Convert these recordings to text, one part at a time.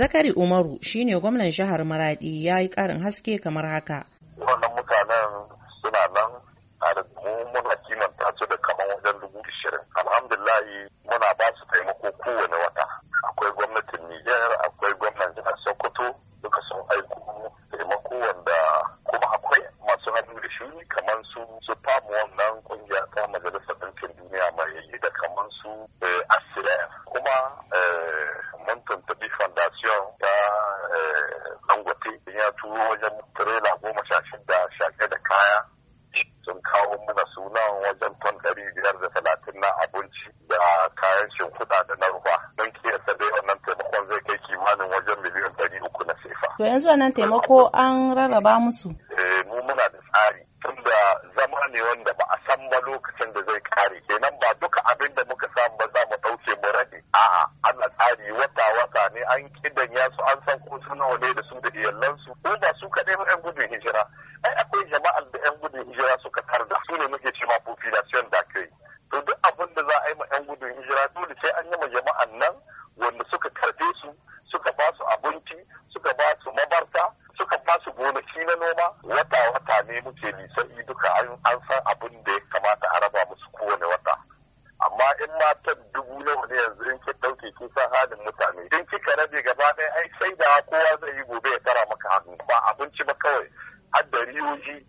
Zakari Umaru shine gwamnan jihar Maradi ya yi ƙarin haske kamar haka. yanzu wannan taimako an rarraba musu. Eh, mu muna da tsari tunda zama ne wanda ba a san ba lokacin da zai kare kenan ba duka abin da muka samu ba za mu ɗauke mu rage. A'a ana tsari wata wata ne an kidanya su an san ko su nawa ne da su da iyalansu ko ba su kaɗai ba 'yan gudun an san abin da ya kamata a raba musu kowane wata amma in matan dubu nawa ne yanzu in ki dauke ki san halin mutane in kika rabe gaba ɗaya ai sai da kowa zai yi gobe ya tara maka hannu ba abinci ba kawai har da riyoji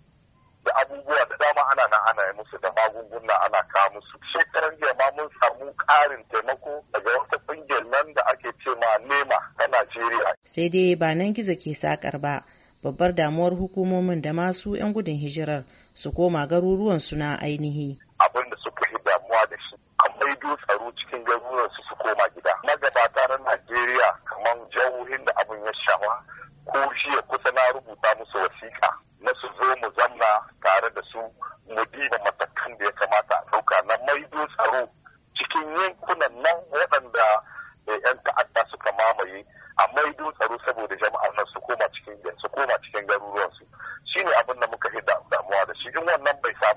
da abubuwa da dama ana na ana yi musu da magunguna ana kawo musu shekaran jiya ma mun samu ƙarin taimako daga wata ƙungiyar nan da ake ce ma nema ta Najeriya sai dai ba nan gizo ke sakar ba babbar damuwar hukumomin da masu 'yan gudun hijirar su koma garuruwan su na ainihi. Abin da suka yi damuwa da shi, kamar tsaro cikin garuruwan su su koma gida. Magabata na Najeriya kamar jihohin da abin ya shawa, ko shi ya kusa na rubuta musu wasiƙa na su zo mu zanna tare da su mu diba matakan da ya kamata a ɗauka na maido tsaro cikin yankunan nan waɗanda eh, 'yan ta'adda suka mamaye a maido tsaro saboda jama'ar nan su koma cikin su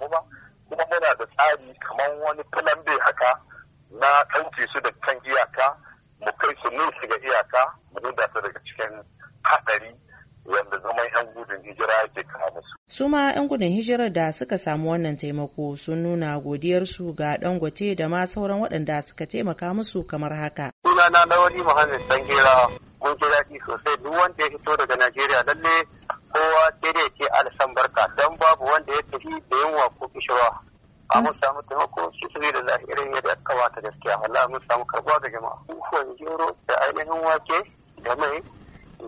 samu ba kuma muna da tsari kamar wani plan bai haka na kanke su da kan iyaka mu kai su nesa ga iyaka mu huda su daga cikin hatsari wanda zaman 'yan gudun hijira ke kama musu. Su ma 'yan gudun hijirar da suka samu wannan taimako sun nuna godiyarsu ga dangote da ma sauran waɗanda suka taimaka musu kamar haka. Sunana na wani Muhammad Sangera mun ji daɗi sosai duk wanda ya fito daga Najeriya lalle kowa sai a mun samu taimako shi su da zahirin yadda ya kamata gaskiya Allah mun samu karbuwa da jama'a kuwan gero da ainihin wake da mai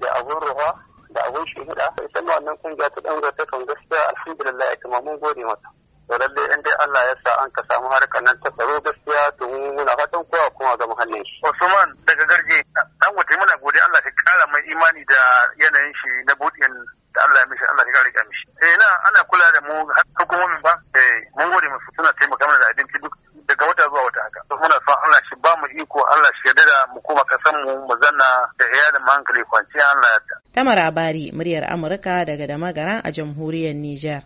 da abun ruwa da abun shehida ita ma wannan kungiya ta ɗan ta kan gaskiya alhamdulillah ya kama mun gode mata Da lallai in dai Allah ya sa an ka samu harka nan ta tsaro gaskiya to muna fatan kowa kuma ga muhallin shi Usman daga garje dan wata muna gode Allah ka kara mai imani da yanayin shi na budin da Allah ya mishi Allah ya ka mishi eh na ana kula da mu har da iyalin hankali kwanciyar Tamara Bari, muryar Amurka daga Damagara a jamhuriyar Nijar.